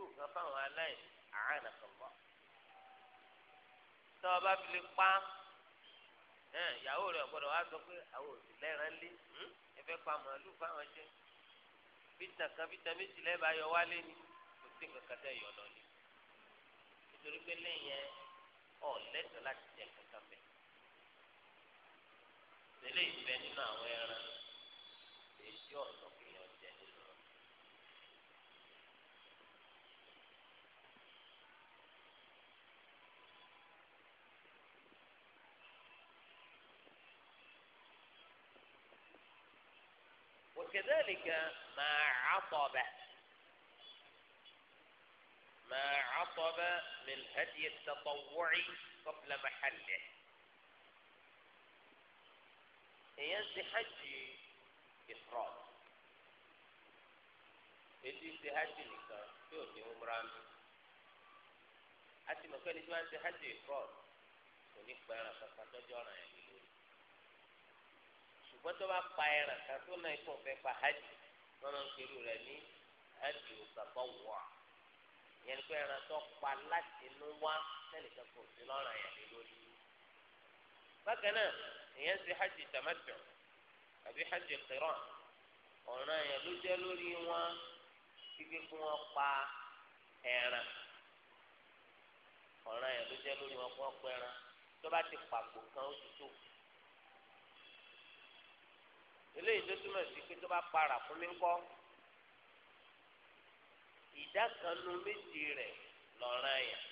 àdúró kan fáwọn aláìní àánà kan mọ́. tọ́ ọba fi lè pa ìyàwó rẹ̀ gbọ́dọ̀ wá sọ pé àwọn òsì lẹ́ran lé hm? ẹ fẹ́ pa màálù fáwọn jẹ́ bíta kan bíta méjì lẹ́ẹ̀ bá yọ wálé ni kò sí nǹkan kan tẹ́ yọ lọ ni. nítorí pé lẹ́yìn ọ̀ lẹ́tọ̀ọ́ láti jẹ kankan bẹ̀. tẹ́lẹ̀ ìfẹ́ nínú àwọn ẹran èyí ọ̀dọ́. وكذلك ما عطب ما عطب من هدي التطوع قبل محله هي حج إفراد انت انتهاج لك شو في عمران أتي مكان اسمه انتهاج إفراد ونحن بأنا فقط جانا يعني ṣùgbọ́n tó bá pa ẹran kan tó náà ikú fẹ́ pa hajj wọn máa ń pẹ̀lú rẹ̀ ní hajj òkàbọ̀ wọ̀ ìyẹn ni pé ẹran tó pa láti inú wá sẹ́nìkan kò sí lọ́ràn yẹn lé lórí. bákan náà ìyẹn ti hajj tamattu àbí hajj qiran ọ̀ràn yẹn ló jẹ́ lórí wọn kíkí kí wọ́n pa ẹran ọ̀ràn yẹn ló jẹ́ lórí wọn kí wọ́n pa ẹran tó bá ti pàgbò kan ó ti tó eléyìí tó túmọ̀ sí pé tó bá para fún mi kọ́ ìdá kan nu méjì rẹ̀ lọ́ràn yẹn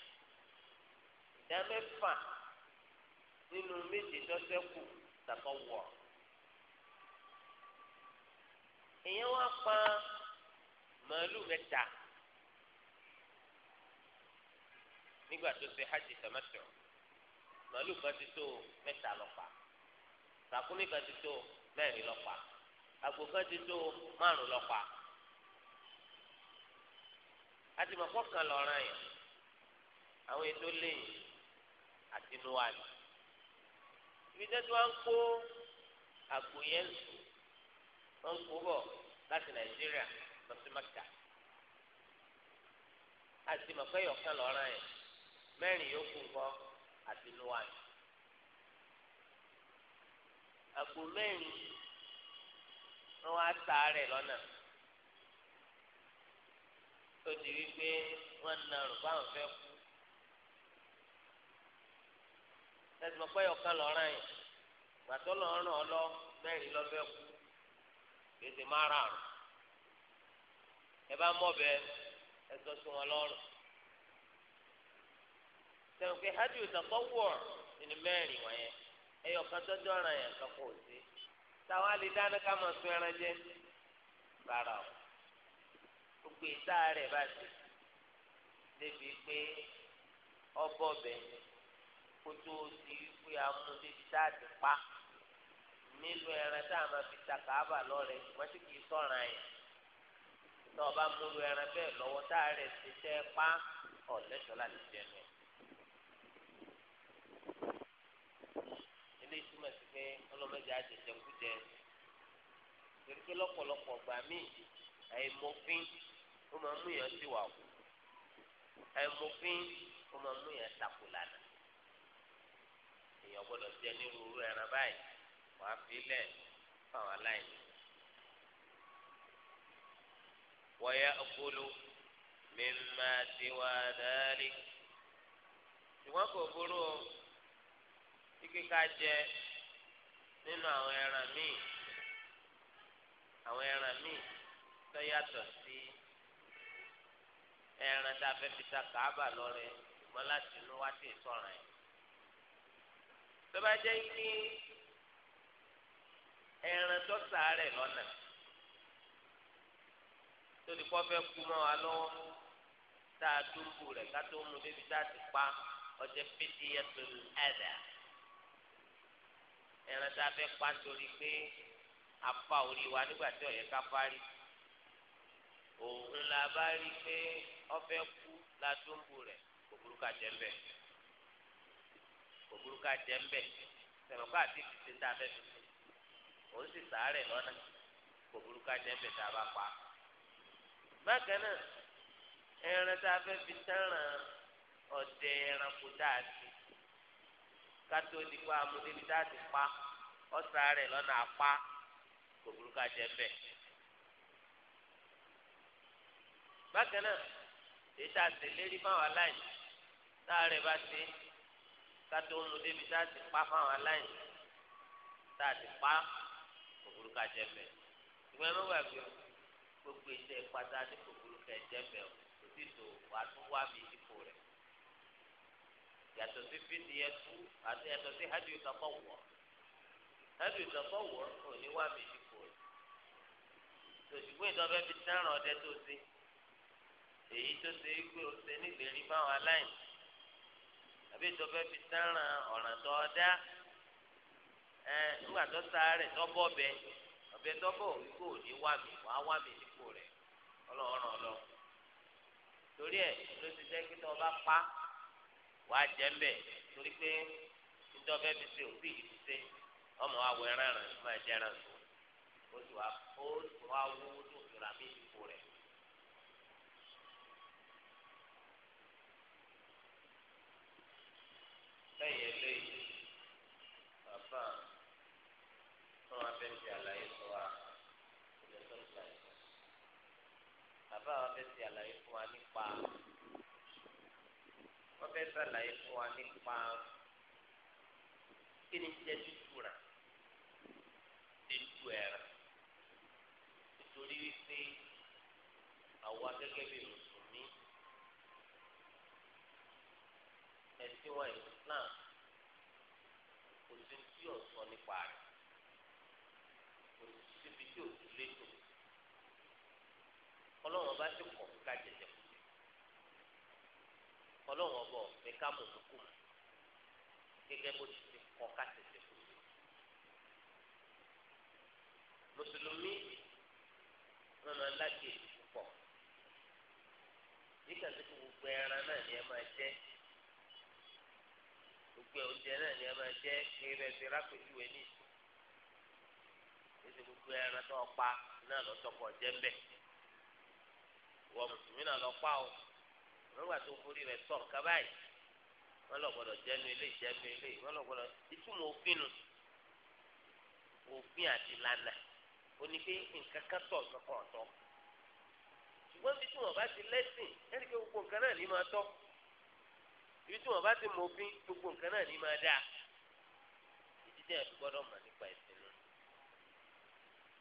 ìdá mẹ́fà nínú méjì tó ṣẹ́kù tàbọ̀ wọ̀ èèyàn wá pa màálù mẹ́ta nígbà tó ṣe hajj tamattu màálù kan ti tó mẹ́ta lọ pa ràkúnmí kan ti tó mẹ́rin lọ́pa àgbò kan ti tó márùn lọ́pa àti mọ̀kọ́ kan lọ́ràn yẹn àwọn ètò lẹ́yìn àti nuwali ibi tẹ́tí wọ́n ń kó àgbò yẹn ń sùn wọ́n ń kó bọ̀ láti nàìjíríà lọ sí mẹ́ta àti mọ̀kọ́ yọ̀ọ̀kan lọ́ràn yẹn mẹ́rin yóò kú nǹkan àti nuwali àpò mẹ́rin wọ́n wá ta rẹ̀ lọ́nà tó di wípé wọ́n ń narùn báwọn fẹ́ kú tẹsí mọ̀pẹ́ ọ̀kan lọ́ràn yìí gbàtọ́ lọ́rùn ọlọ́ mẹ́rin lọ́fẹ́ kú gbèsè márààrún ẹ bá mọ̀ bẹ́ẹ̀ ẹ sọ sí wọn lọ́rùn sẹ̀wọ̀n pé hajj ìtàkọ́ wọ̀ ẹni mẹ́rin wọ̀nyẹn ẹyọ kan tọjọ ọràn yẹn kan kò sí táwọn alẹ dáná ká máa sun ẹran jẹ rárá o gbogbo ìta rẹ bá ti débi pé ọbọ bẹ kó tó di pé amúdébi tá a ti pa nílùú ẹran tá a máa fi ta kàába lọrẹ wọn sì kì í sọràn yẹn tó o bá múlu ẹran bẹ́ẹ̀ lọ́wọ́ tá a rẹ ti tẹ pa ọ lẹsọ láti jẹ pé ọlọ́mọdé àjẹjẹkújẹ torí pé lọ́pọ̀lọpọ̀ gbà mí àìmọ̀fín ó máa mú yàn sí wà kú àìmọ̀fín ó máa mú yàn takò lánàá èèyàn gbọ́dọ̀ jẹ nírúurú ẹran báyìí wàá fi lẹ̀ fáwọn aláìní. wọ́yá ọkọlù mímá tiwa dáálí. ṣùgbọ́n kò burú o kíkí ká jẹ nínú àwọn ẹran míì àwọn ẹran míì tó yàtọ̀ sí ẹran tá a fẹ́ fi ta kàába lọ́rẹ ṣùgbọ́n láti inú wá sí ìtọ́ràn ẹ̀. tó bá jẹ́ kí ẹran tó sàárẹ̀ lọ́nà tó ti kọ́ fẹ́ kú mọ́ wa lọ́wọ́ tá a dúró rẹ̀ ká tó mú débi tá a ti pa ọjọ́ pété yẹn tó ẹ̀dá ẹran tá a fẹ́ pa nítorí pé a fa orí wa nígbà tí ọ̀yẹ́ ká parí òun la bá rí i pé ọfẹ́ kú ládùúgbò rẹ̀ kò burúkà jẹ́ mbẹ́ kò burúkà jẹ́ mbẹ́ sẹ̀mọ̀kọ́ àti fìtì ń ta fẹ́ òun sì sàárẹ̀ lọ́nà kò burúkà jẹ́ tá a bá pa. bákan náà ẹran tá a fẹ́ fi tẹ́ràn ọ̀dẹ ẹranko tá a kátó di pa amúdébi tá a ti pa ọ̀sà rẹ̀ lọ́nà apá kò burú ká jẹ bẹ́ẹ̀. bákan náà èyí tá a sì lérí fáwọn aláìní tá a rẹ̀ bá ṣe kátó amúdébi tá a ti pa fáwọn aláìní tá a ti pa kò burú ká jẹ bẹ́ẹ̀. ìwé ẹ̀rọ wà gbogbo iṣẹ́ pátá ní kò burú ká jẹ bẹ́ẹ̀ o kò tó wàá tún wá mi yàtọ̀ sí fídíẹ̀tù àti yàtọ̀ sí hádìí ìtọ́kọ̀wọ̀ hádìí ìtọ́kọ̀wọ̀ kò ní wà mí ti kò tòṣìgbó ìdọ́fẹ́ fi tẹ́ràn ọdẹ tó ṣe èyí tó ṣe é pé o ṣe nílérí báwọn aláìní àbí ìdọ́fẹ́ fi tẹ́ràn ọ̀ràn tó ọdá ẹ nígbà tó sáré tọ́bọ̀ bẹ ọbẹ̀ tọ́bọ̀ òwú kò ní wà mí wà wà mí ti kò rẹ̀ ọlọ́run ọlọ́run torí ẹ̀ ló ti jẹ́ kí tọ́ bá pa á wàá jẹ́ mbẹ́ torí pé ìjọba ẹbí ṣe òbí yìí ṣe ọmọ awọ ẹran rẹ máa jẹ ẹran tó o tó wá o tó wá wó tó tura bí ìdìbò rẹ. lẹ́yìn eléyìí bàbá wọn wá fẹ́ ṣe àlàyé fún wa ìjọba ìgbà yìí bàbá wọn àlàyé fún wa nípa wọ́n fẹ́ sàlàyé fún wa nípa kí ni jẹ́ tútù rà ètò ẹ̀rà nítorí wípé àwa gẹ́gẹ́ bí mùsùlùmí ẹ̀sìn wa Islam kò sí tí ò sọ nípa rẹ̀ kò sí síbi tí ò sí lẹ́tọ̀ọ́ ọlọ́run bá ti kú. ọlọ́run ọbọ̀ ní ká mú òkú gẹ́gẹ́ bó ti ti kọ́ ká tètè kú. mùsùlùmí wọn máa láti èdè púpọ̀ nígbà tí gbogbo ẹran náà ni ẹ máa jẹ gbogbo oúnjẹ náà ni ẹ máa jẹ kéré ẹsẹ rákòjúwe ní ìsìn gbogbo ẹran tó pa náà lọ tọkọ jẹ mbẹ wọ mùsùlùmí náà lọ pa o wọn gbà tó forí rẹ̀ sọ nǹkan báyìí wọn lọ gbọ́dọ̀ jẹnu ilé ìjẹnu ilé wọn lọ gbọ́dọ̀ ìtumọ̀ òfin nù òfin àti lànà oní pé nǹkan kan tọ̀ nǹkan kan tọ̀ ṣùgbọ́n ibi tí wọ́n bá ti lẹ́sìn ẹni pé gbogbo nǹkan náà ní máa tọ́ ibi tí wọ́n bá ti mọ òfin gbogbo nǹkan náà ní máa dáa ìdíjẹ́ ẹ̀ gbọ́dọ̀ mọ̀ nípa ẹ̀sìn nù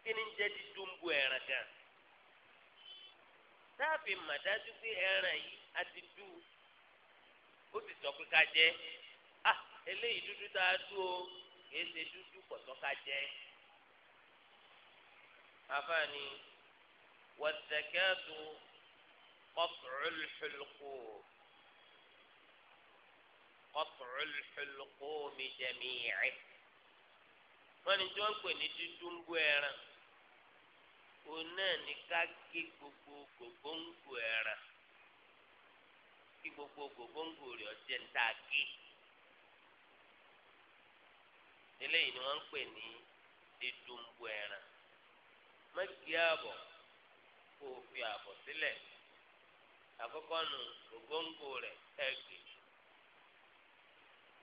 kí ni ń jẹ́ dídúmbù ẹ̀ràn gan-an táàfì màdájú pé ẹran yìí a ti dú ó sì sọ pé ká jẹ à ah, eléyìí dúdú tá a dú o kìí ṣe dúdú pọ̀tọ́ ká jẹ. àfààní wàtẹ̀kẹ́tù ọ̀pọ̀lọpọ̀ ọ̀pọ̀lọpọ̀ mi jẹ̀mí rẹ̀ wọ́n ní tí wọ́n ń pè ní dúdú ń bú ẹran òun náà ní ká gé gbogbo gògóńgò ẹran kí gbogbo gògóńgò rẹ̀ ọ̀jẹ̀ ń tà gé eléyìí ni wọ́n ń pè ní ìdùnbù ẹran mẹ́gì ààbọ̀ kó o fi ààbọ̀ sílẹ̀ àkọ́kọ́ nu gògóńgò rẹ̀ ẹ̀gbẹ́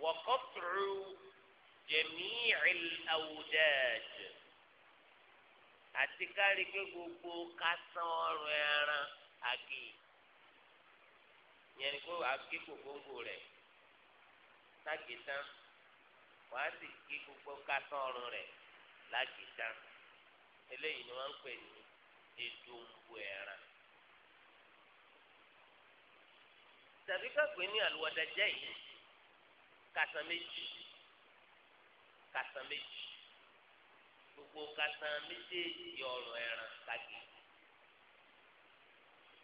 wọ́kọ́ tùrú jẹ̀mí ìlàwùdáàjẹ̀ àti kárí pé gbogbo kásán ọrùn ẹran àgè yẹn ni kó àgé gbogbo rẹ̀ lágè tán wàá sì gé gbogbo kásán ọrùn rẹ̀ lágè tán eléyìí ni wọ́n ń pè ní èdòǹbò ẹran. tàbí kápẹ́ ní àlùwàdà jẹ́ yìí kásán méjì kásán méjì gbogbo katan méjèèjì ọ̀rọ̀ ẹran kagi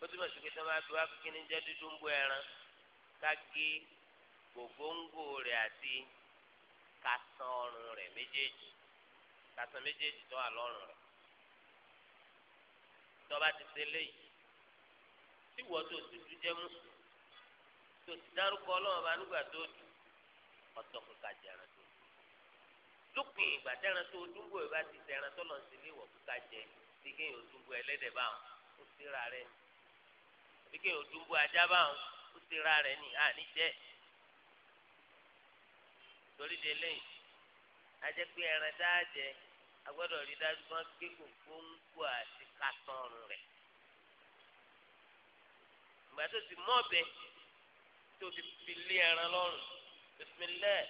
ó túmọ̀ sí pé sábà fi wá kíni jẹ́ dúdú ń bọ ẹran kagi gbogbo rẹ̀ àti katan ọrùn rẹ̀ méjèèjì katan méjèèjì tó wà lọ́rùn rẹ̀ tọ́ba ti ṣe léyìí tí wọ́n tó dúdú jẹ́ mùsùlùmí tó ti dárúkọ ọlọ́run bá nígbà tó dùn ọ̀tọ̀ kò kàjẹ́ rẹ̀ lópin ìgbà tẹ́ran tó dúnbò ẹ̀ bá ti tẹ́ran tó lọ sí ilé ìwọ̀ kíkà jẹ bí kéèyàn dúnbò ẹlẹ́dẹ̀ bá wọn ó síra rẹ̀ ni bí kéèyàn dúnbò ajá bá ó síra rẹ̀ ni à ní jẹ́ torí de lẹ́yìn ajẹ́ pé ẹran tá a jẹ agbọ́dọ̀ rí dájú wọn kékun gbóngbò àti kàtàn rẹ̀ ìgbà tó ti mọ́ ọbẹ̀ tó ti fi lé ẹran lọ́rùn bisimilẹ́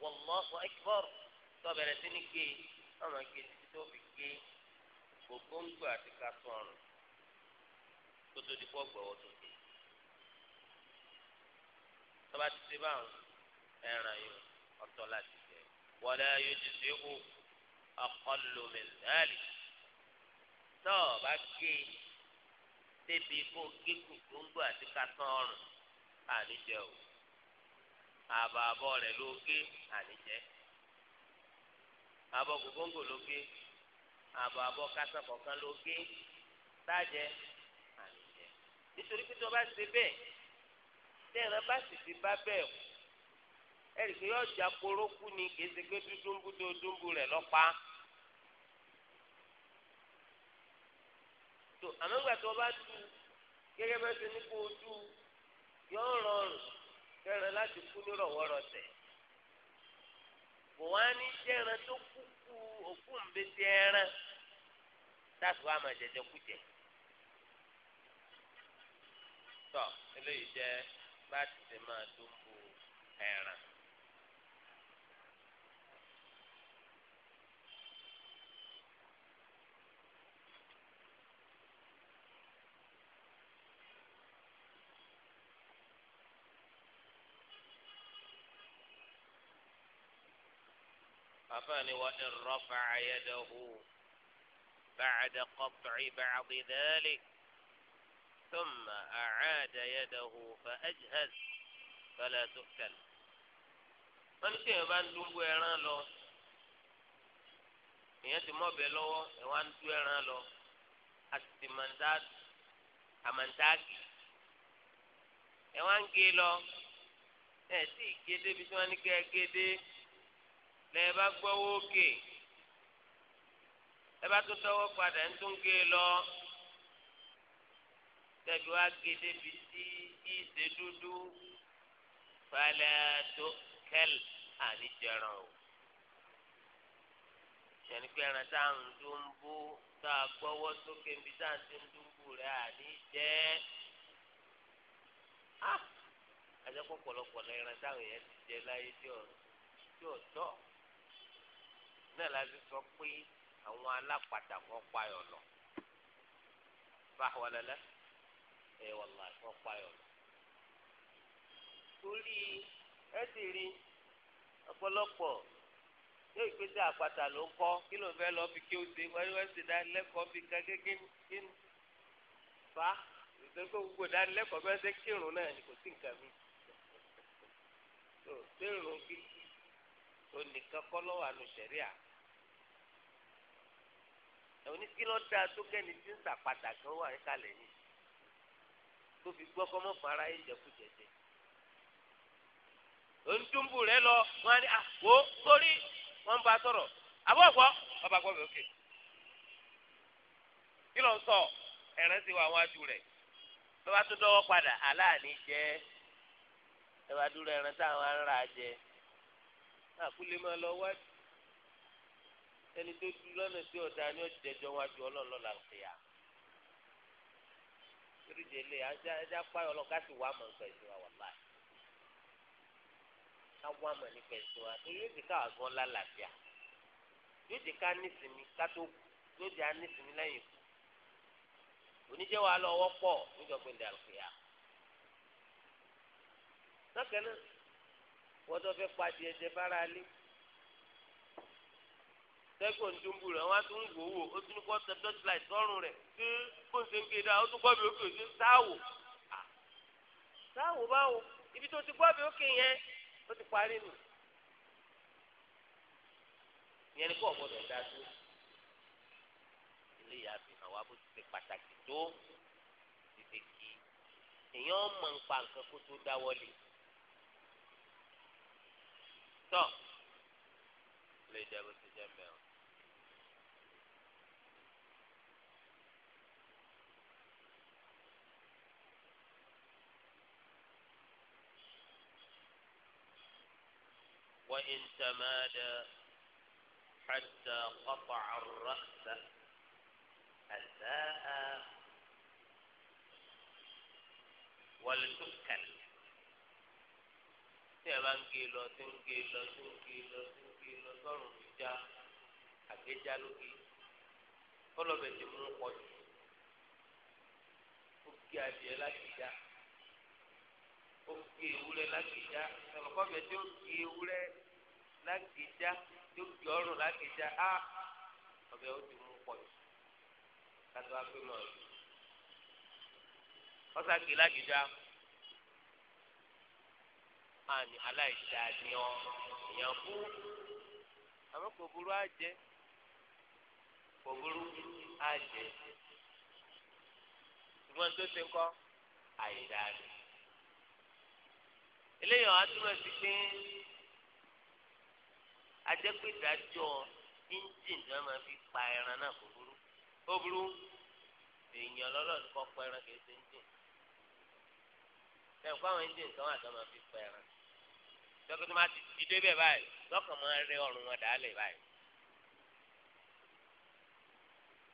wàlláhu akbar tọ́bẹ̀rẹ̀ sí ní gé ọmọ gé títí tó fi gé gbogbo àti kásán ọrùn kó tó di pọ́ gbọ́wọ́ tó dé tọ́ba ti ṣe báwọn ẹran yìí ọ̀tọ̀ láti jẹ wọlé ayé ti ṣe kú ọkọlù mẹ́tàlì tọ́ọ̀bá gé débi kó gé gbogbo àti kásán ọrùn àníjẹ o àbàbọ̀ rẹ̀ ló gé àníjẹ àbọ̀ gògóńgò ló gé àbọ̀ àbọ̀ kásán kọ̀ọ̀kan ló gé sáàjẹ́ àlùjẹ́ nítorí pé tí wọ́n bá ṣe bẹ́ẹ̀ tẹ́ran bá sì ti bá bẹ́ẹ̀ kù ẹ̀rì pé ọjà porókú ni kì í ṣe pé dúdúmbú tó dúdúmbú rẹ̀ lọ́pàá. tó àmọ́ tí wọ́n bá tú gẹ́gẹ́ bẹ́ẹ̀ ṣe ní kó o tú yọ ọ́ rọrùn tẹ́ran láti kú nírọ̀wọ́rọ̀ tẹ̀ kò wá ní jẹ́ ẹran tó kúkú òkú ńbẹ́tẹ́ ẹran táàtù wa máa jẹjẹ kú jẹ. tọ́ eléyìí jẹ́ bá ti ṣe máa tó ń bu ẹran. àfààní wa in rafa'a yadahu ba'da qat'i ba'di dhalik thumma a'ada yadahu fa ajhaz fala tu'kal. wọ́n ní kí èèyàn bá ń dúró ẹran lọ èèyàn ti mọ̀bẹ lọ́wọ́ ẹ̀ wá ń dúró ẹran lọ àti àmàntáàgì ẹ̀ wá ń gé lọ ẹ̀ sì gé débi tí wọ́n ní kẹ́ ẹ gé dé lẹ bá gbọ́wọ́ òkè ẹ bá tó tọwọ́ padà ń tún gé e lọ tẹ̀bí wá gé e débi tí ìṣe dúdú falẹ̀ tó kẹ́l àníjẹran o yẹnni pé ẹran tá à ń dún bú tá a gbọ́wọ́ sókè níbi tá à ń dún dún bú rẹ̀ àníjẹ́ á ah! àjẹpọ̀ pọ̀lọpọ̀ lẹ́ran táwọn èèyàn ti jẹ láyé tí ò tọ́ náà la fi sọ pé àwọn alápàtà kan payọ̀ lọ fáwọlẹ́lẹ́ ẹ wàlá kan payọ̀ lọ. torí ẹ sì rí ọ̀pọ̀lọpọ̀ yóò gbé sí àpàtà ló ń kọ́ kí ló ń fẹ́ lọ fi kí o ṣe wáyé wá sí dánilẹ́kọ̀ọ́ fi ká gégé kí ni fa ìgbésẹ̀ gbogbo dánilẹ́kọ̀ọ́ bẹ́ẹ̀ ṣe kírun náà ni kò sí nǹkan mi. tó ṣé irun onìkan kọ́ lọ́wọ́ àlù sẹ̀ríà oníkìlọ̀ dáa tó kẹ́ni tí ń sàpàtà kan wà níkàlẹ̀ yìí tó fi gbọ́ kọ́mọ́ fún ara yìí jẹkújẹjẹ ondumbu rẹ lọ wọn ni àgbo sórí wọn bá sọ̀rọ̀ àbọ̀ gbọ́ ọba gbọ́ bẹ̀ òkè kí ló ń sọ ẹ̀rẹ́ ti wà wọn adu rẹ̀ lọ́ba tó dọ́wọ́ padà aláàní jẹ́ ẹ̀ wá dúró ẹ̀rẹ́ táwọn ará jẹ́ àkúlé máa lọ wájú ẹni tó dúró lọ́nà tí ọ̀dà ni ọ̀jẹ̀jọ́ wájú ọlọ́ọ̀lọ́ là ń fìyà irúdìí ilé ajá pààyàn ọlọ́ọ̀ká sì wá mọ̀ nípa ìṣúra wà láì ká wá mọ̀ nípa ìṣúra torí yóò di ká àgbọn lálàáfíà yóò di ká nísìmí ká tó yóò di á lẹ́yìn ikú oníjẹ́ wa lọ wọ́pọ̀ níjọba ìdàlùfìyà lọ́kẹ́ náà wọ́n tó fẹ́ pàdé ẹ̀jẹ̀ bára lé tẹ́kọ̀ ń dúnbù rẹ̀ wọ́n á tún wò wò ó tún kọ́ tọ́tìláì sọ́run rẹ̀ tí bóun ṣe ń gbé e dáa ó tún kọ́ bí ó kì í ṣe sáwò sáwò báwo ibi tó ti kọ́ bí ó kì í yẹn ó ti parí nù ìyẹn ni kò gbọdọ̀ dá tó ilé ìyá fi hàn wá bó ti ṣe pàtàkì tó ti fi kí èèyàn mọ̀ nípa nǹkan kó tó dáwọ́lé. tọ́ lè jẹ́ bó ti jẹ́ mẹ́rin. وإن تمادى حتى قطع الرأس أساء والسكر tí ẹ bá ń gé lọ tí ń gé lọ tí ń gé lọ tí ń gé lọ sọ̀rùn ló já àgbéjá lóge ọlọ́bẹ ti mú pọ̀ jù ó gé adìẹ láti já ó gé ewúrẹ́ láti já ọ̀lọ́kọ́bẹ tí ó gé ewúrẹ́ láti já tí ó gé ọrùn láti já á ọbẹ̀ ó ti mú pọ̀ jù kátó wá pé mọ̀ ọ́ sá gé láti já àní aláìdáni ọ èèyàn bú àmọ́ kò burú àjẹ kò burú àjẹ ṣùgbọ́n tó ti kọ́ àìdáni eléyàn á túmọ̀ sí pé ajẹ́pẹ̀dájọ́ engine náà máa fi pa ẹran náà kò burú ó burú èèyàn lọ́lọ́ọ̀ni kọ́ pa ẹran kì í ṣe engine ẹ̀ kó àwọn engine kan wà tó máa fi pa ẹran tọ́kí tó máa ti ti débẹ̀ báyìí lọ́kàn máa rẹ ọrùn wọn dàálẹ̀ báyìí.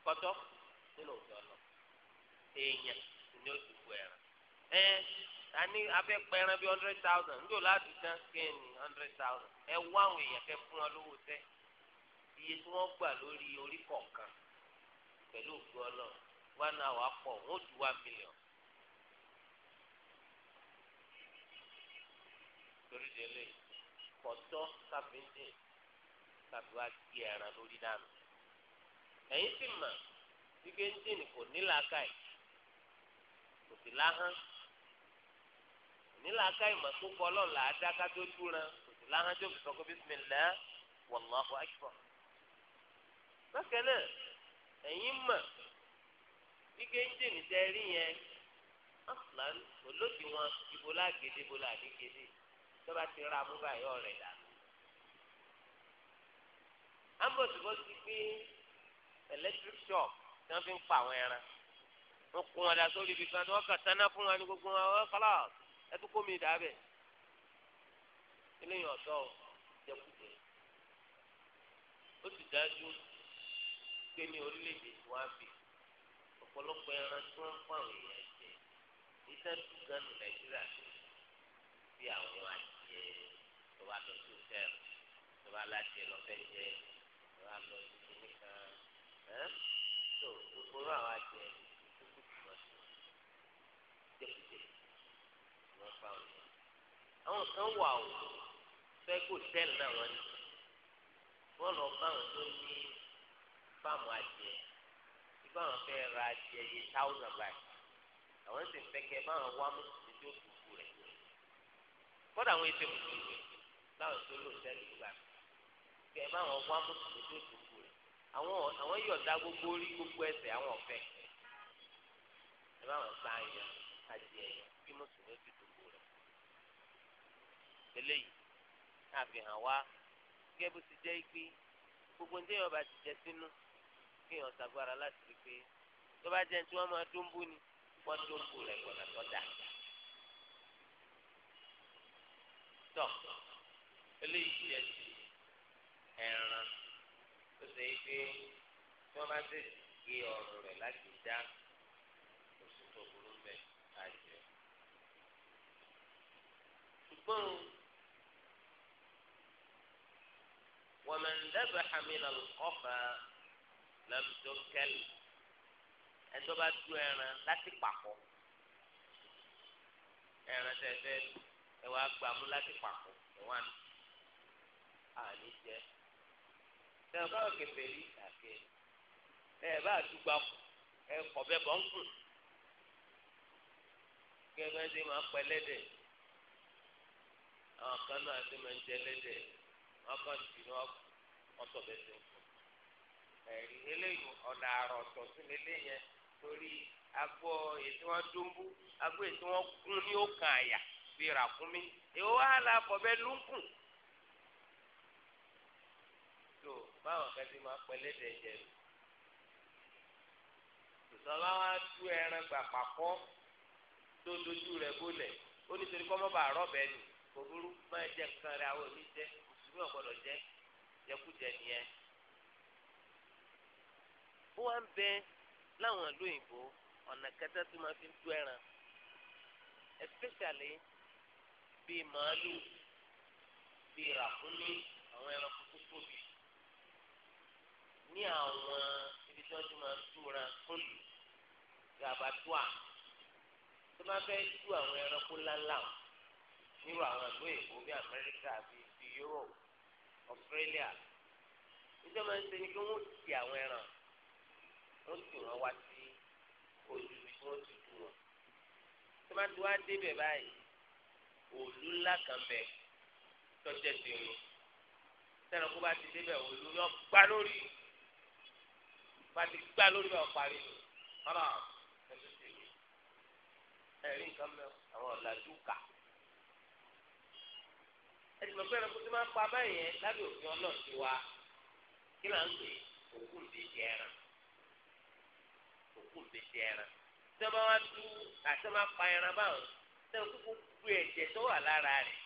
kọ́tọ́ nínú òótọ́ lọ èèyàn ni ó dùkú ẹ̀ràn. ẹ a ní abẹ́ pẹran bíi hundred thousand níjọ́ láti tán kéènì hundred thousand ẹ wá àwọn èèyàn fẹ́ fún wọn lówó tẹ́ iye tí wọ́n gbà lórí orí kọ̀ọ̀kan pẹ̀lú òkú ọlọ́run wọn náà wàá pọ̀ wọn ó ju one million. torí délé kọtọ kábíyèsí kábíyèsí wa ti ẹran lórí dànù ẹ̀yin sì mà wípé ńjìnì kò nílàákàyè kò sí láhán nílàákàyè mà tó kọ lọ́n là á dá ká tó dúran kò sí láhán tó fi sọ pé bísímìlá wallahu akbar bákan náà ẹ̀yin mà wípé ńjìnì tẹ́ rí yẹn ọ̀sán olóògbé wọn ibo láàgédé ibo làdégédé tó bá ti ra amúbá yọ rẹ̀ dànù. ambosibo ti gbé electric shop tí wọ́n fi ń pa àwọn ẹran wọ́n kó wọn dà sórí ibi kan tí wọ́n kà sáná fún wọn ní gbogbo wọn wọ́n kọ́lá ẹtú kó mi dàbẹ̀ eléyìí ọ̀dọ́ jẹkùjẹ ó sì dájú pé ní orílẹ̀-èdè tí wọ́n á ọ̀pọ̀lọpọ̀ ẹran tí wọ́n ń àwọn èèyàn jẹ ìtẹ́tù ganu nàìjíríà bíi àwọn àjẹ ṣe tó bá lọ sí hotel tó bá láti lọ fẹ́ jẹ tó bá lọ sí kíní kan tó gbogbo àwọn àjẹ ìdókòwò tí wọ́n ṣe jẹ́kùjẹ́ wọ́n fa òye. àwọn kan wà ó fẹ́ kó hotel náà wọ́n ní wọ́n lọ bá àwọn tó ní fáàmù àjẹ tí báwọn fẹ́ ra àjẹ yìí táwùsàn báyìí àwọn sì ń fẹ́ kẹ́ báwọn wá mú títí ó kúkú kọ́dà àwọn ètò mùsùlùmí láwọn tó lò sẹ́yìn gbà kí ẹ bá wọn wá mùsùlùmí tó dùkú rẹ̀ àwọn àwọn yọ̀ọ̀dá gbogbo orí gbogbo ẹsẹ̀ àwọn ọ̀fẹ́ ẹ bá wọn gba àyà àti ẹ̀yà kí mùsùlùmí ti dùkú rẹ̀ eléyìí náà fi hàn wá gẹ́gẹ́ bó ti jẹ́ pé gbogbo ní ọba ti jẹ sínú kí èèyàn láti rí pé tó bá jẹ́ tí wọ́n máa dúnbú ni wọ́n dúnbú rẹ̀ gbọ̀nà tó tọ eléyìí jẹ ti ẹran ó ṣe é pé tí wọn bá ti gé ọrùn rẹ láti dá oṣù tó burú mẹ àjẹ ṣùgbọ́n wọn máa ń dábàá hamila ọfà lẹ́mdọ́kẹ́lì ẹ̀ńtọ́ bá du ẹran láti pàkọ́ ẹran tẹ̀ lù. ẹ wàá gbàmú láti pàpọ̀ ẹ wà ní àní jẹ ẹnì kan kẹfẹ rí àkẹ ẹ bá àdúgbò akọ ẹ kọ bẹ bọ ń kùn máa pẹ lẹdẹ àwọn kan náà máa ń jẹ lẹdẹ wọn kàn ní bẹ eléyìí ọ̀nà àrọ̀ ọ̀tọ̀ sí lélẹ̀ yẹn fi ràkúnmí èwo wá la bọ̀bẹ́ lúkùn. tó báwọn kan ti máa pẹlẹ́ dẹ̀jẹ̀ rẹ̀ tòsánlá wa tú ẹran gbà pàkọ́ tó dojú rẹ̀ bólẹ̀ ó nítorí kọ́ mọ́ bá rọ́ọ̀bẹ nì kò burú máa jẹ nǹkan rẹ̀ àwọn òní jẹ òṣùwọ̀n ọ̀gbọ́dọ̀ jẹ jẹkújẹ nìyẹn. ó wá ń bẹ láwọn ìlú òyìnbó ọ̀nà kẹta tó máa fi ń tú ẹran especially bíi màálù bíi ràkúnmí àwọn ẹranko tó tóbi ní àwọn ibi tí wọ́n ti máa ń túra kólù gàbàtúà tó máa fẹ́ tú àwọn ẹranko ńláńlá o nírú àwọn ìlú èkó bíi Amẹ́ríkà bíi bíi Europe Australia níjọ́ máa ń ṣe ni kí wọ́n ti àwọn ẹran wọ́n ti wọ́n wá sí ojú tí wọ́n ti tú wọn tó máa ti wá débẹ̀ báyìí òòlù ńlá kan bẹ tọ́jẹ́ sí o sẹ́nu kó bá ti débẹ̀ òòlù yọ gbá lórí bá ti gbá lórí bá parí ọ̀rọ̀ ẹ̀sùn sí i ẹ̀rí nǹkan mẹ́ àwọn ọ̀làjú kà ẹ̀sìn mọ̀pẹ́ kó ti máa pa báyẹn lábẹ́ òfin ọlọ́ọ̀ wa kí là ń pè òkú ìbejì ẹran òkú ìbejì ẹran tí wọ́n bá wá tú àti wọ́n bá pa ẹran báwọn sẹ́wọ́n tó gbogbo ẹ̀jẹ̀ tó wà lára rẹ̀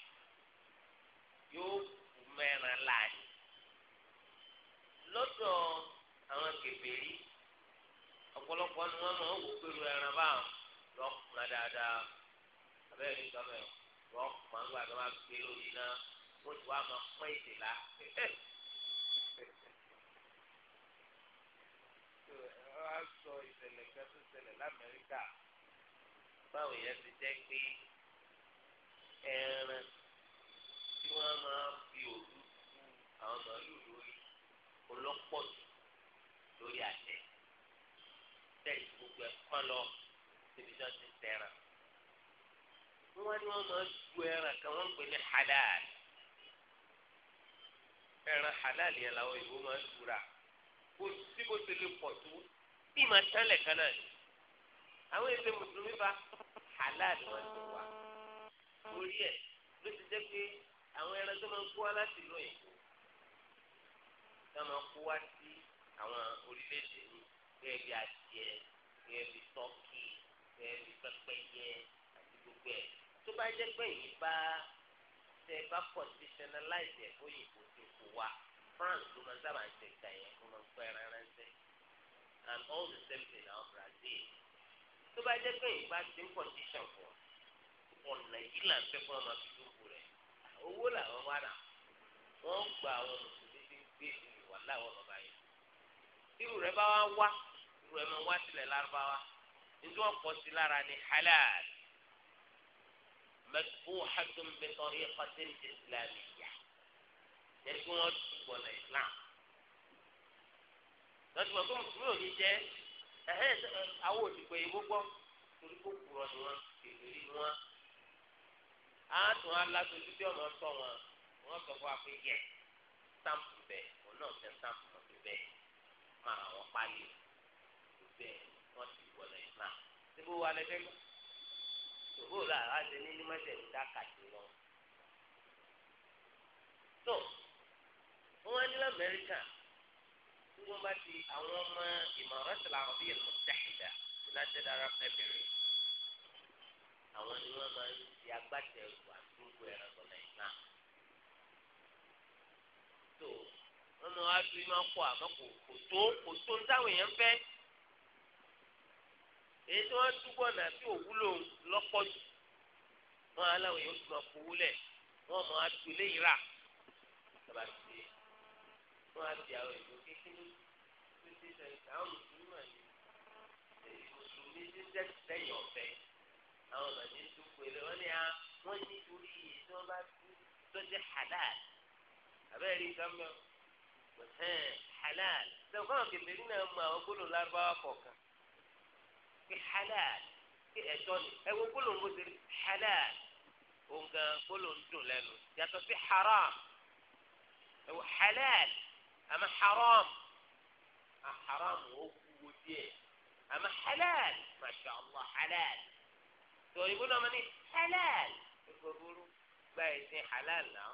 yóò kú mẹ́ran láàyè lọ́dọ̀ àwọn kèfèrí ọ̀pọ̀lọpọ̀ ni wọ́n máa ń wò pẹ̀lú ẹran báwọn lọ́kùnrin dáadáa abẹ́rẹ́ ní sọ́mọ̀ ẹ̀ lọ́kùnrin gbà tó máa gbé lórí náà wọ́n ti wá máa pọ́n èdè la. wọ́n á sọ ìṣẹ̀lẹ̀ kan tó báwo yẹn ti jẹ́ pé ẹran tí wọ́n máa fi òdu ku àwọn màálù lórí ọlọ́pọ̀ jù lórí àtẹ tẹ̀sí gbogbo ẹ̀ kọ́ lọ síbi tí wọ́n ti tẹ̀ràn. wọ́n ní wọ́n máa ju ẹran kan wọ́n ń pè ní halal ẹran halal yẹn làwọn ìwọ máa ń tura kó síbòsílẹ̀ pọ̀ tó bí màá tán lẹ̀ kan náà ni àwọn èsè mùsùlùmí bá halal wọn ti wà lórí ẹ ló ti jẹ pé àwọn ẹran tó máa ń kó wá láti lóyè tó máa ń kó wá sí àwọn orílẹ̀-èdè ní gẹ́gẹ́ bí adìẹ gẹ́gẹ́ bí tọ́kì gẹ́gẹ́ bí pẹ́pẹ́yẹ àti gbogbo ẹ̀ tó bá jẹ́ pé yìí bá tẹ bá conditionalize ẹ̀ fóyìnbó tó kó wá France ló máa ń sábà ń ṣe ìgbà yẹn kó máa ń pẹ́ rárá ń sẹ́ and all the same thing now Brazil tó bá jẹ́ pé ìgbà tí ń kọ̀ǹdíṣàn fún ọ ọ̀nà yìí là ń fẹ́ fún ọmọ fi dúró rẹ̀ owó làwọn wà náà wọ́n gba àwọn mùsùlùmí tí ń gbé ìlú wà láwọn ọ̀nà báyìí irú rẹ̀ bá wá wá irú rẹ̀ máa wá sílẹ̀ lárúbáwá nítorí wọ́n sí lára ní halal mẹ́tòóhàtún bẹ́tọ̀rí ẹ̀kọ́tẹ́ ìsìlámìyà yẹ́n kí wọ́n ti gbọ̀nà ìsìlám lọ́sibọ̀ tó mùsùlùmí ò ní jẹ́ ẹ̀hẹ́ àwọn òdìgbò yìí gbogbo torí kò kúrọ̀ ni wọ́n kèké rí wọn. àtún alásojú tí ọmọ sọ wọn wọn sọ fún wa pé yẹ sáǹpù bẹ́ẹ̀ òun náà fẹ́ sáǹpù wọn fi bẹ́ẹ̀ máa ra wọn pálí bẹ́ẹ̀ wọ́n ti wọlé náà. síbò wà lẹ́fẹ́ mọ́ tòbó là á ṣe ní ní mọ́tẹ̀ lọ. tó wọ́n ní lamẹ́ríkà gbogbo bá ti àwọn ọmọ ìmọ̀ràn ti làwọn bí ẹ̀rọ dáhìdá láti dára pẹ̀lẹ́rẹ́ àwọn ni wọ́n máa ń di agbátẹrù àdúgbò ẹ̀rọ nàìjíríà tó wọ́n máa wá sí máa kọ́ àmọ́ kò kò tó kò tó ń táwọn èèyàn fẹ́ èyí tí wọ́n túbọ̀ nà sí òwúlò lọ́pọ̀ jù wọ́n á láwọn èèyàn tó máa fowó lẹ̀ wọ́n máa tó léyìí rà tọ́ba wọ́n á di àwọn èèyàn àwọn mùsùlùmí mà ní mùsùlùmí ti sẹ́yìn ọ̀fẹ́ àwọn ọ̀nà ní tó pèlè wọ́n ní a wọ́n ní torí èyí tí wọ́n bá kú tó jẹ́ halal àbẹ́rẹ́ rí nǹkan mọ́ halal sọ fún àwọn kẹfẹ́ nínú àwọn àwọn gbólóhùn lárúbáwá kọ̀ọ̀kan pé halal pé ẹ̀tọ́ ni ẹ̀wọ̀n gbólóhùn bó ti rí halal òǹkà gbólóhùn dùn lẹ́nu yàtọ̀ sí haram ẹ̀wọ̀n halal àmọ́ haram. حرام ó أما حلال ما شاء الله حلال allah halal حلال ìbú náà حلال ní halal gbogbo burú gba ẹ̀sìn halal náà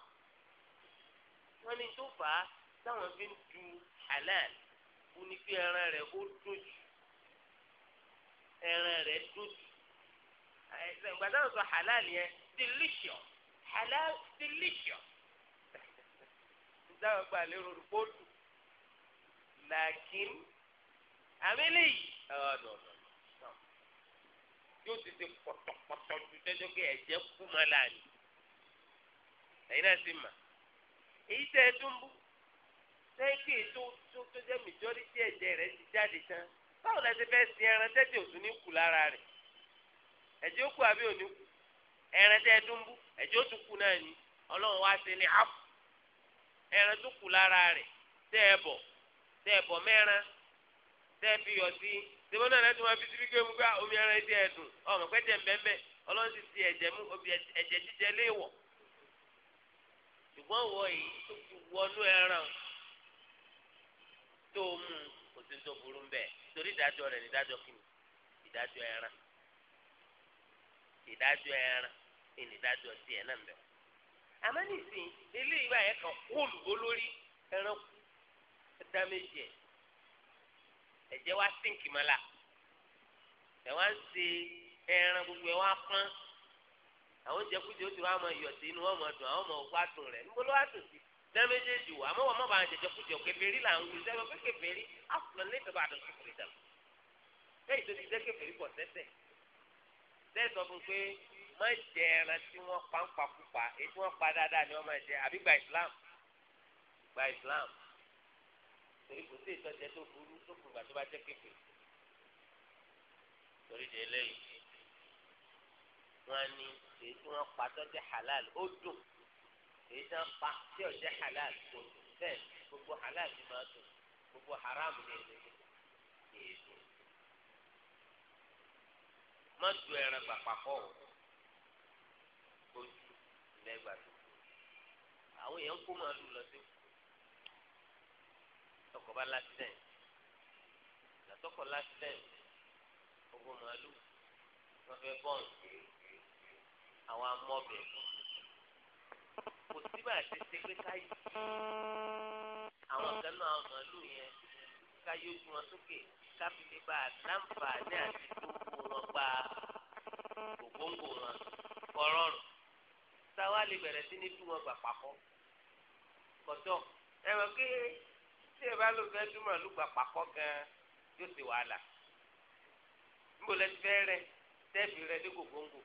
wọ́n ní tó fà á táwọn fi ń du halal ó ní pé ẹran rẹ̀ ó dójú ẹran rẹ̀ dójú ìgbà táwọn sọ halal yẹn delicious halal delicious dáhùn gba lérò olùkó làákìn àmìlẹ̀ yìí ọ̀nà ọ̀nà yóò ti ṣe pọ̀tọ̀pọ̀tọ̀ ju tẹ́jọ́ kí ẹ̀jẹ̀ kú mọ́ láàrin ẹ̀yin náà sì mà èyí tẹ́ ẹ tún bú sẹ́ńkì tó tó tó jẹ́ mìjọ́rìtì ẹ̀jẹ̀ rẹ̀ ti jáde tán báwo la ṣe fẹ́ sin ẹran tẹ́tí òtún ní kù lára rẹ̀ ẹ̀jẹ̀ ó kù àbí òní kù ẹran tẹ́ ẹ tún bú ẹ̀jẹ̀ ó tún kù náà ni ọlọ́run wá sí ní hàpù ẹran tó kù lára rẹ̀ tẹ́ ẹ bọ̀ tẹ ẹbọ mẹran tẹ ẹ fi yọ sí tẹmọ náà lẹtọ máa fi síbi gbé mu gbá omi ẹran ẹdí ẹdùn ọmọ pẹtẹ nbẹnbẹ Ọlọ́run sì ti ẹ̀jẹ̀ mú omi ẹ̀jẹ̀ jíjẹ léèwọ̀ ṣùgbọ́n wọ èyí tó ti wọnú ẹran tó mú kò sí tó burú ń bẹ torí ìdájọ́ rẹ̀ ní ìdájọ́ kìnnì ìdájọ́ ẹran ìdájọ́ ẹran ìdájọ́ tiẹ̀ náà ń bẹ àmọ́ nìsín eléyìí báyẹn kan kó olùgbò lórí ẹran kú dáméjì ẹ̀ ẹ̀jẹ̀ wá sínkì mọ́lá ẹ̀ wá ń ṣe ẹran gbogbo ẹ̀ wá pọ́n àwọn oúnjẹ kújẹ ó ti wá ọmọ iyọ̀ sí inú ọmọ ọdún àwọn ọmọ ọgbà dùn rẹ̀ níbo ló wá dùn sí dáméjèèjì wò àmọ́ wọn mọ̀ bá jẹjẹ kújẹ kèfèrí là ń wí sẹ́wọ́n pé kèfèrí àfùnàn ní ìtọ́ba àdùn kèfèrí dà bẹ́ẹ̀ tó ti jẹ́ kèfèrí pọ̀ tẹ́tẹ̀ bẹ́ẹ̀ sọ fún pé má jẹ ẹran tí wọ́n pa ń pa pupa èyí tí wọ́n pa dáadáa ni wọ́n máa jẹ àbí gba Islam gba Islam torí kò sí ìtọ́jẹ tó burú tó kù gbà tó bá jẹ́ kéèké torí de eléyìí wọ́n á ní èyí tí wọ́n pa tó halal ó dùn èyí tí wọ́n pa tí ò jẹ́ halal tó bẹ́ẹ̀ gbogbo halal ti máa dùn gbogbo haram ní èdè èdè má ju ẹran gbà papọ̀ o kò ju lẹ́gbàá tó àwọn èèyàn kó máa lù lọ sí kù tọkọ bá lásìtẹ̀n ìgbàtọkọ lásìtẹ̀n ogun màálù wọn fẹ́ bọ́ọ̀n àwọn amọ́bẹ̀ kò síbà ti ṣe pé káyọ̀ àwọn kan náà àwọn màálù yẹn káyọ̀ ojú wọn sókè kábílẹ̀ bá àdáǹfààní àti gbogbo wọn gba gbogbo wọn kọ́rọ́rùn táwa lè bẹ̀rẹ̀ sí ní tú wọn gbà papọ̀ kọ̀tọ̀ ẹ̀rọ kéé tí ẹ bá lò fẹ́ dúmọ̀ lùgbà pàkọ́ gan yóò ṣe wàhálà níbo lẹ ti fẹ́ rẹ tẹ́ẹ̀fì rẹ dé gògóńgò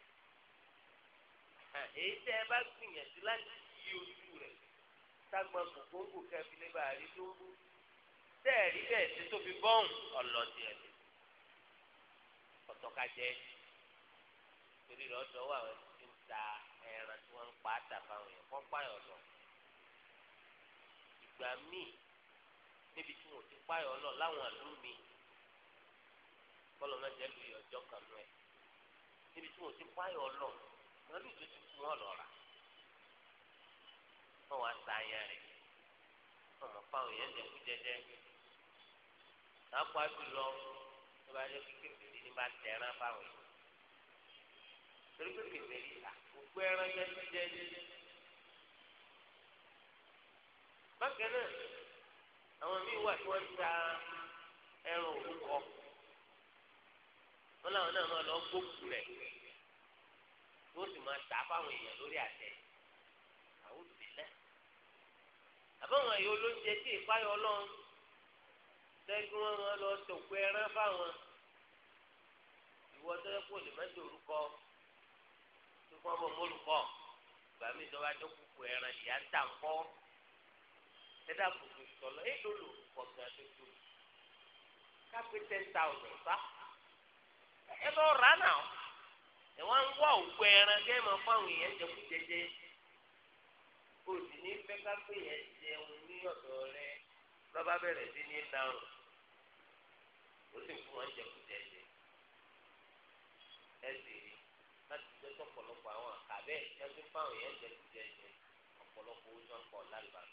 èyí tẹ́ ẹ bá gbìyànjú láti yí ojú rẹ̀ ságbọn gògóńgò kẹfì lè bá rí lóru tẹ́ẹ̀rí bẹ́ẹ̀ tí tó fi bọ́ọ̀n ọ̀lọ́dì ẹ̀ ọ̀tọ̀kajẹ́ torí rẹ̀ ọ̀dọ́ wà wọ́n ti ń ta ẹran tí wọ́n ń pa àtàkùn àwọn èèyàn kọ́ pààyàn lọ ìgbà míì níbi tí wọn ti páyọ̀ lọ láwọn àlú mi kọlọ́mọ jẹ́ lu ìyọ̀jọ́ kan nù ẹ̀ níbi tí wọn ti páyọ̀ lọ màálù tó ti fún ọ lọ́ra wọn wá sáyà rẹ̀ wọn mọ̀ fáwọn èèyàn jẹ́ kú jẹ́jẹ́ lápá jùlọ tó bá yẹ kí kékeré ní bá tẹ̀ràn báwọn yìí torí pé kékeré là gbogbo ẹran jẹ́ kú bákan náà àwọn míì wà tí wọ́n ta ẹran òkúkọ wọn làwọn náà máa lọ gbókù rẹ̀ yóò sì máa tà á fáwọn èèyàn lórí àtẹ àwọn òbílẹ̀ àbáwọn èèyàn olóúnjẹ tí ìpáyọ Ọlọ́run tẹ́gbẹ́ wọn máa lọ sọ̀kú ẹran fáwọn ìwọ tó yẹ kó lè má jẹ orúkọ tó kọ́ bọ́ mólùkọ́ gbàmí tó bá dé kúkú ẹran ìyá ń tà ń kọ́ ẹ dá gbogbo ìtọ́lọ ẹ ló lò kọ̀ọ̀kan lójú kápẹ́ ten thousand bá ẹ lọ rà náà ẹ wọ́n ń wá òkú ẹran kẹ́ ẹ máa fáwọn èèyàn jẹkú jẹjẹ o sì ní fẹ́ kápẹ́ yẹn jẹun ní ọ̀dọ̀ rẹ lọ́ba bẹ̀rẹ̀ sí ní dárùn ó sì fún wọn jẹkú jẹjẹ ẹ sì rí láti gbé sọ̀pọ̀lọpọ̀ àwọn àkàbẹ́ ẹ ti fáwọn èèyàn jẹkú jẹjẹ ọ̀pọ̀lọpọ̀ ojú ọkọ̀ lálùbáyé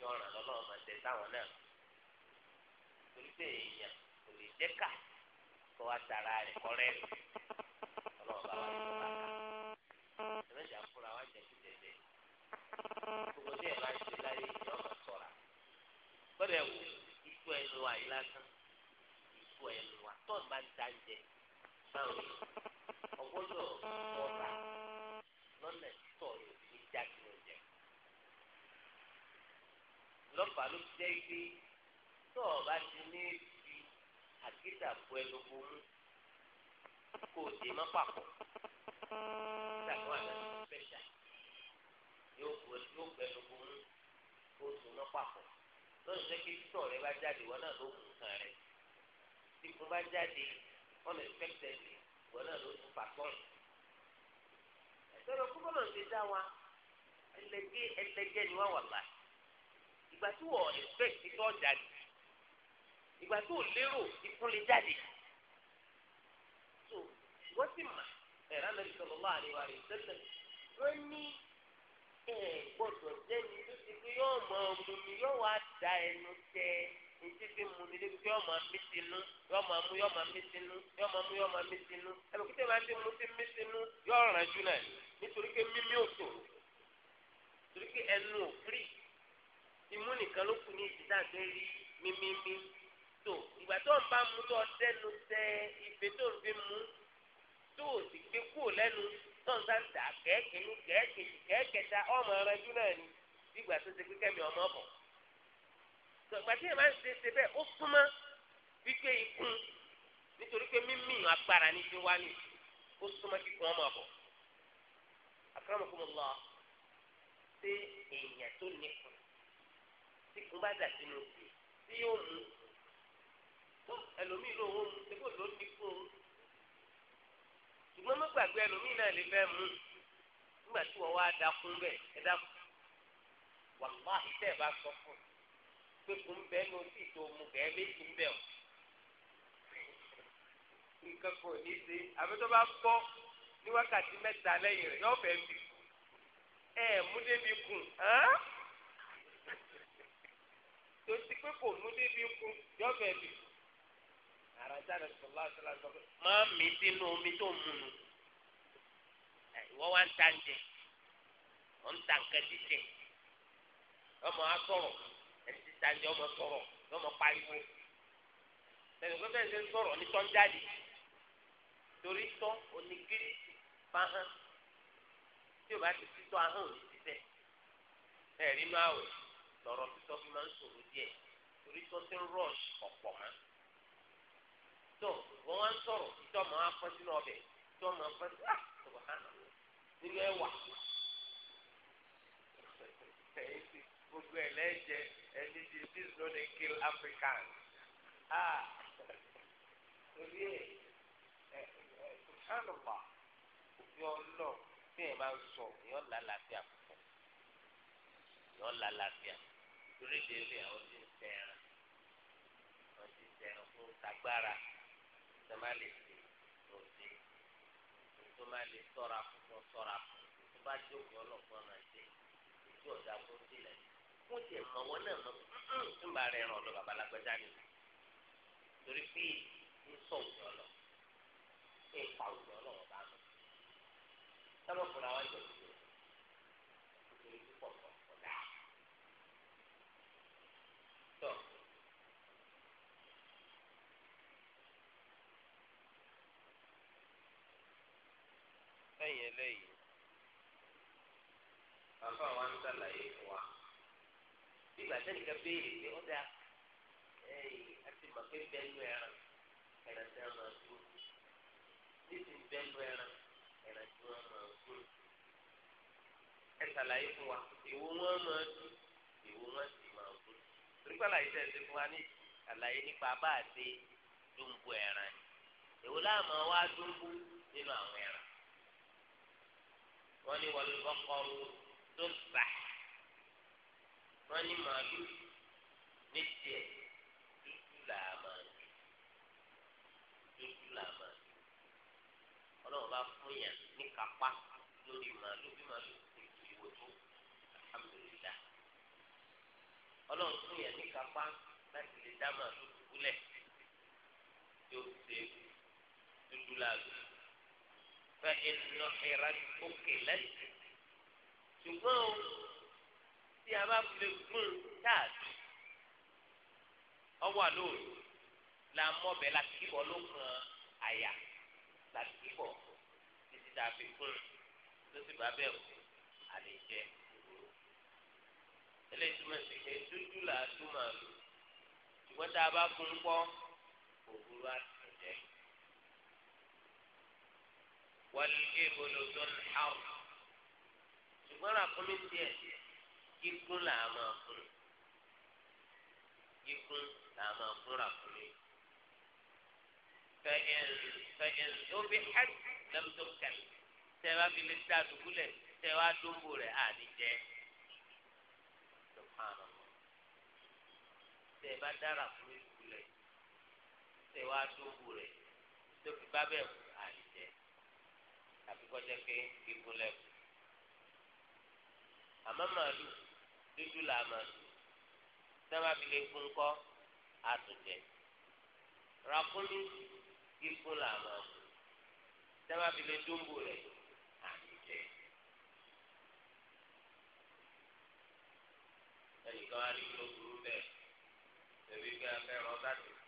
jọ ràn lọ́lọ́ máa tẹ táwọn náà torí pé èèyàn kò lè jẹ́ ká kó wá tara rẹ̀ kọ́rẹ́ rẹ̀ ọlọ́run bá wà ní ọ̀la ká ẹ̀mẹ́jà fúnra wá jẹ́ kí tẹ̀tẹ̀ gbogbo tí ẹ̀ máa ń ṣe láyé ìyá ọmọ sọ̀ra gbọ́dọ̀ wò ikú ẹnu wa yìí lásán ikú ẹnu wa tó ń bá ń ta jẹ báwo ọgbọ́dọ̀ sọ̀ra. fà ló jẹ́ pé tó o bá ti ní fi àkídà bu ẹlòmọ́ mú kò dé má papọ̀ dàgbọ́ àdáni pẹ́ṣà yóò gbẹ ẹlòmọ́ mú kó dé má papọ̀ lọ́nà jẹ́ kí títọ̀ rẹ bá jáde wọn náà ló mú nǹkan rẹ tí mo bá jáde wọn lè fẹ́tẹ̀ lé wọn náà ló tún pàtọ́n ẹ̀sẹ̀ lọ kúkọ́ ti dá wa ẹlẹgẹ́ ẹlẹgẹ́ ni wọ́n wà láì ìgbà tí wọ́n expect tó jáde ìgbà tó lérò ìfúnni jáde tó wọ́n sì mà ẹ̀rọ àmì sallallahu alaihi wa sallam wọ́n ní ẹ̀ gbọ́dọ̀ jẹ́ni tó ti pé yóò mọ ọmọ mi yóò wá da ẹnu tẹ ètí fi mu ní lébi yóò máa mí sinú yóò máa mú yóò máa mí sinú yóò máa mú yóò máa mí sinú ẹnu kí tẹ máa ti mú ti mí sinú yóò ràn jù náà nítorí pé mímí ò tò nítorí pé ẹnu ò fírì imú nìkan ló kù ní ìdí tá à ń fẹ́ rí mímímí tó ìgbà tó ń bá mu tó ọtẹnu tẹ ife tó ń fi mu tó o sì gbé kúrò lẹ́nu tó ń sá ń dà kẹ́ẹ̀kẹ́ni kẹ́ẹ̀kejì kẹ́ẹ̀kẹta ọmọ rẹ dún náà ni ìgbà tó ṣe pé kẹ́mi ọmọ bọ̀ tó ìgbà tí ìmọ̀ ṣe ṣe bẹ́ẹ̀ ó súnmọ́ wípé ikún nítorí pé mímí agbára ní ti wá ní ó súnmọ́ kíkún ọmọ bọ̀ akérèmọ́kùnmọ́ lọ sí tí kún bá dà sínú òkè tí yóò mú tó ẹlòmíì ló ń mú ṣé kò ló ní fún un ṣùgbọ́n mọ́gbàgbé ẹlòmíì náà lè fẹ́ mú nígbà tí wọ́n wá da kún bẹ́ẹ̀ ẹ dákun wàláhì tẹ́ ẹ bá sọ fún un pé kún bẹ́ẹ̀ ní ojú ìtò mu bẹ́ẹ̀ méjì ń bẹ̀ ọ́ nǹkan kò ní ṣe àbí tó bá gbọ́ ní wákàtí mẹ́ta lẹ́yìn rẹ̀ yọ̀ọ́ fẹ́ẹ́ mú débi kùn ẹ́ tó ti pé kò mú débi kú yọ̀bẹ̀ bì. àràjà rẹ̀ sọ̀rọ̀ láti la sọ pé máa mi sínú omi tó mu nu. ìwọ wá ń ta ń jẹ ọ̀ ń ta nǹkan jíjẹ ọmọ asọ̀rọ̀ ẹni tí ta ń jẹ ọmọ sọ̀rọ̀ lọ́mọ pariwo. ẹnì pé bẹ́ẹ̀ ṣe ń sọ̀rọ̀ ní tán jáde torí tán onígírí fáhán tí o bá ti títọ́ ahọ́n òní ti bẹ̀ ẹ̀rí máa lọ́rọ̀ sísọ fi máa ń ṣòro díẹ̀ torí tó ti ń rush ọ̀pọ̀ mọ́. tó wọ́n wá ń sọ̀rọ̀ títọ́ mọ́ afọ́ sínú ọbẹ̀ títọ́ mọ́ afọ́ sínú ah ọ̀bọ̀ hàn nínú ẹwà. gbogbo ẹ̀ lẹ́jẹ̀ ẹni tí this no dey kill African. ah torí ẹ̀ ẹ̀ ẹ̀ sùhánùbà òfin ọlọ́ọ̀ tí èèyàn bá ń sọ èèyàn lálàáfíà púpọ̀ èèyàn lálàáfíà púpọ̀ torí délé àwọn tí ń tẹ ẹran àwọn tí ń tẹ ẹran fún tagbára tó má lè ṣe tó ṣe tó má lè sọ́ra fún tó sọ́ra fún tó bá jókòó ọlọ́pàá náà ṣe ètò ọ̀dà fún tilẹ̀ fún tiẹ̀ mọ̀ wọ́n náà mọ̀ ń bá rẹ̀ ràn lọ́ba alágbẹ́dá ni torí pé ń sọ òjò lọ ń pa òjò lọ́wọ́ bá lọ. sábà fúnra wọn jẹ̀ lóko. lẹ́yìn eléyìí bàbá wa ń sàlàyé fún wa nígbà tẹ́lẹ̀ ká béèrè pé ó dáa ẹ̀yìn àti màkè bẹ́ẹ̀lú ẹran ẹ̀ràn tí wọ́n máa gbó títí bẹ́ẹ̀lú ẹran ẹ̀ràn tí wọ́n máa gbó ẹ sàlàyé fún wa ìwo wọn máa dùn ìwo wọn sì máa gbó torí pé àlàyé tẹ̀sí fún wa ní àlàyé nípa bá a ṣe dùnbù ẹran ìwo láàmú wa dùnbù nínú àwọn ẹran wọ́n ní wal-baqaru tubbah wọ́n ní màálù ní tiẹ̀ dúdú làmà dúdú làmà ọlọ́run bá fún yàn ní kápá lórí màálù bí màálù kò tó tó alhamdulillah ọlọ́run fún yàn ní kápá láti lè dá màálù dúdú lẹ̀ yóò ṣe dúdú làmà fẹ ẹnu ìrà òkè lẹ́sìn ṣùgbọ́n o tí a bá fi gún táàbì ọwọ́ àlóòrò la mọ̀bẹ la kíbọ̀ ló kàn àyà la kíbọ̀ títí tá a fi gún tó sì bá bẹ̀rù àlè jẹ òwúrò túmọ̀ sí pé dúdú là á ṣùgbọ́n tá a bá gún pọ̀ òwúrò àti. والجبل ذو tunhar ṣùgbọ́n ràkúnmí tiẹ̀ kíkún là á máa fún kíkún là á máa fún ràkúnmí. fẹ̀yìn fẹ̀yìn tó bí hẹ́t lẹ́mtọ́ kẹ́lẹ́ tẹ́ wá fi lè dá dùbúlẹ̀ tẹ́ wá dóńgbò rẹ̀ àdìjẹ́ tẹ́ bá dára fún ìdúgbò tẹ́ wá dóńgbò rẹ̀ tó fi bá bẹ́ẹ̀ kú kọjá pé ibu lẹ́kù àmọ́ màálù dúdú là máa sùn sábà fi lè fún kọ́ àtúntẹ̀ ràkúnmí ikún là máa sùn sábà fi lè dúnbò rẹ̀ àtúntẹ̀. ẹnìkan á ní kó burú bẹ́ẹ̀ ẹ̀mí bí afẹ́ràn ọ̀gá tó kù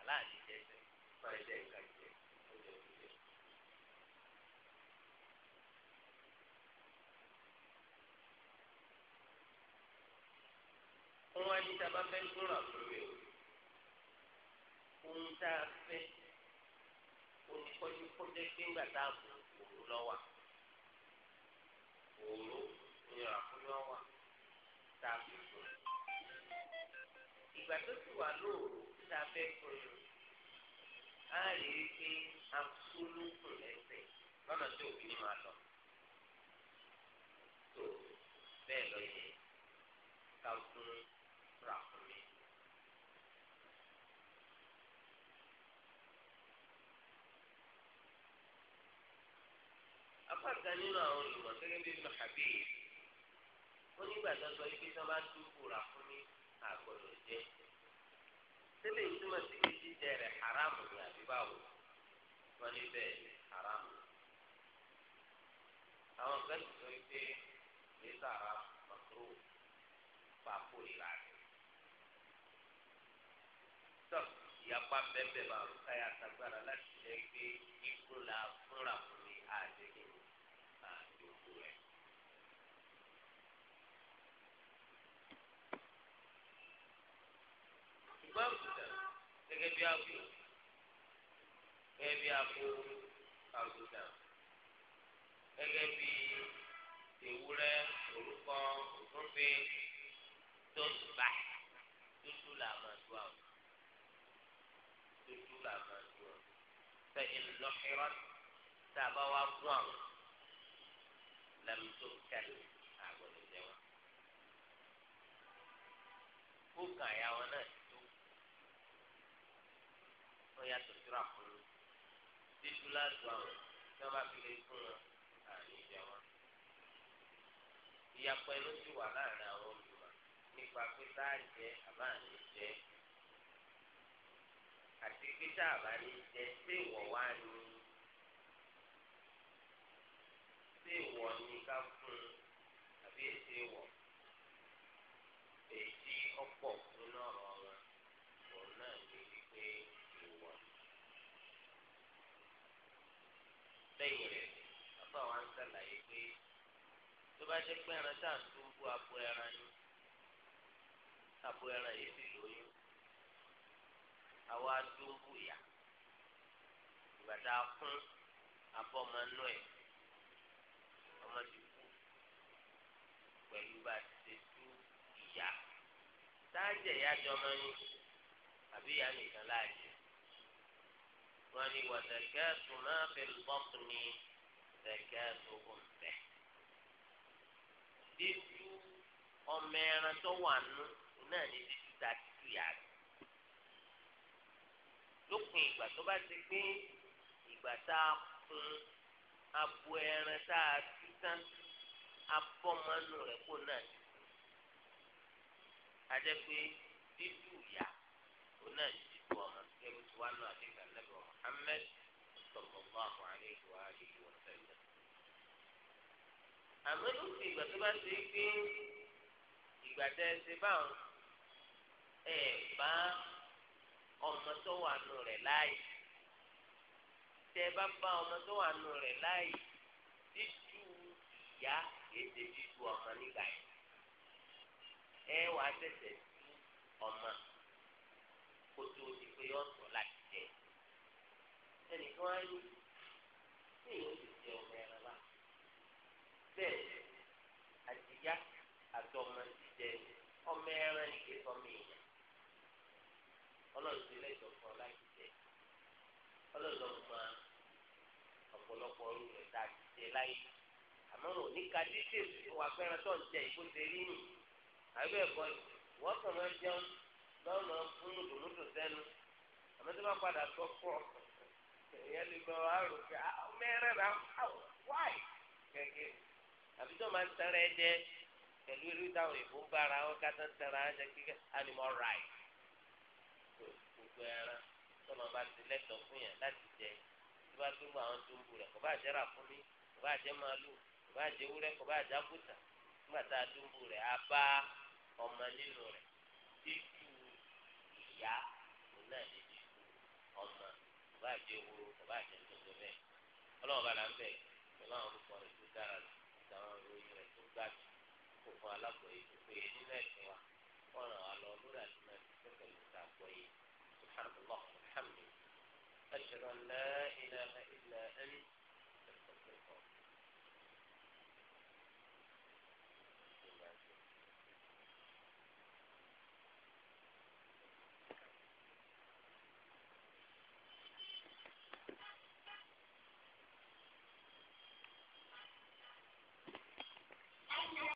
aláàdìjẹsẹ̀ máa jẹ́ ìlú. fún wa ní sábà fẹ́ súnra fún mi o ohun tá a fẹ́ oníkọ́jú kọ́jẹ́ gbígbà tá a mú òru lọ́wà òru ìrà fún lọ́wà tá a fi fún ìgbà tó ti wà lóòrò tá a fẹ́ fún un á rí i pé a fún lókun lẹ́sẹ̀ lọ́nà tí òbí ni màá lọ tó bẹ́ẹ̀ lọ yẹ. nínú habib ó nígbà tó sọ ibi tó bá dúkù rà fún mi àgbọ̀dọ̀ jẹ tẹ́lẹ̀ ìtumọ̀ sí pé jíjẹ rẹ̀ haramu ni àbí báwo wọ́n ní bẹ́ẹ̀ haramu àwọn kan ti sọ pé èyí tó haramu mọ̀tò pàkó ìlà rẹ̀ ìyapa bẹ́ẹ̀ bẹ́ẹ̀ bá rúkà yà sàgbára láti jẹ́ pé ikú la fúnra fún. ṣùgbọ́n àgùntàn gẹ́gẹ́ bí àgbò gẹ́gẹ́ bí àgbò àgùntàn gẹ́gẹ́ bí ewúrẹ́ orúkọ òfúnfe tó ń bà dúdú là máa dùn àwọn dúdú là máa dùn àwọn fẹ́yìn lọ́ṣẹ́rọ́ tá a bá wá gún àwọn lẹ́nu tó kẹ́lẹ́ àgbọ̀dọ̀ jẹ́ wọn. kó kàn yà wọn náà wọ́n yàtọ̀ síra fún un títú láti àwọn tí wọ́n bá fi lè fún wọn àárín ìjà wọn. ìyapọ̀ inú sì wà láàrin àwọn olùmọ̀ nípa pé táàrí jẹ́ àbáàní jẹ́ àti pé tá àbáàní jẹ́ pé ìwọ̀ wá ní pé ìwọ̀ ní ká fún un àbí èsì ìwọ̀ èyí ọ̀pọ̀. lẹ́yìn rẹ̀ bàbá wa ń ṣàlàyé pé tó bá jẹ́ pé ẹran tá à ń tó ń bú abo ẹran yìí abo ẹran yìí sì lóyún àwa tó ń bú ìyá ìgbà tá a fún abọ́ ọmọ inú ẹ̀ ọmọ ti kú pẹ̀lú bá ti ṣe tú ìyá táàjẹ̀ ìyá jọmọ ní àbí ìyá nìkan láàjẹ̀ wọ́n ní wà zakatu máa fi bọ́ọ̀kù ní zakatu ọ̀fẹ́. dídú ọmọ ẹran tó wà nù náà ní dídú ta títú yàrá. lópin ìgbà tó bá ti gbé ìgbà tá a kun abo ẹran tá a tú tán abọ́mọ́nù rẹ̀ kó náà ti a jẹ́ pé dídú ìyá kó náà ti tu ọmọ kẹ́mi tí wàá nù àdéhùn. محمد صلى الله عليه وآله وسلم àmọ́ ló ti ìgbà tó bá ṣe é pé ìgbà tẹ́ ẹ ṣe báwọn ẹ bá ọmọ tó wà nù rẹ̀ láàyè tẹ́ ẹ bá bá ọmọ tó wà nù rẹ̀ láàyè títú ìyá èdè títú ọmọ nígbà yẹn ẹ wàá tẹ̀sẹ̀ tú ọmọ kó tó di pé ọ̀sán ẹnìkan á yí tí èèyàn sì jẹ ọmọ ẹran lá bẹ́ẹ̀ àdìyá àti ọmọ jíjẹ ọmọ ẹran nìkan sọmọ èèyàn ọlọ́run ti lẹ́jọ́ fún ọ láti jẹ ọlọ́run lọ mọ ọ̀pọ̀lọpọ̀ ọrùn rẹ̀ tá a ti jẹ láyé àmọ́ òní ka dídè wà fẹ́ràn tó ń jẹ ìkóse rí nì àbí ẹ̀kọ́ wọ́n kàn máa jẹun lọ́nà fún mùtùmùtù sẹ́nu àmọ́ tó bá padà gbọ́ pọ̀ èèyàn lè lọ àrò pé mẹ́rin rà wáì gẹ́gẹ́ àbí tó máa ń tẹ̀ra ẹ jẹ pẹ̀lú irú táwọn èèbó ń bára wọn kátó ń tẹ̀ra ẹ jẹ kíkẹ́ animal right gbogbo ẹran tó máa bá ti lẹ́tọ̀ fún yẹn láti jẹ tó bá tó ń bọ̀ àwọn tó ń bu rẹ̀ kò bá jẹ́ rà fún mi kò bá jẹ́ màálù kò bá jẹ́ wúrẹ́ kò bá jẹ́ àkútà nígbà tá a tó ń bu rẹ̀ á bá ọmọ nínú rẹ̀ títú ìyá òun náà ní bàbá àjẹ ehoro bàbá àjẹ ntọ́jọ bẹ́ẹ̀ ọlọ́run bá la ń bẹ̀ pẹ̀lú àwọn orúkọ rẹ̀ tó dára àtàwọn ìròyìn rẹ̀ tó gbàdú kó fún alágbọ̀ yìí tó péye nínú ẹ̀sìn wa wọ́n ràn wá lọ lórí àtúnmọ̀ ẹ̀sìn pẹ̀lú ìtàgbọ̀ yìí subhanallah alhamdulilayi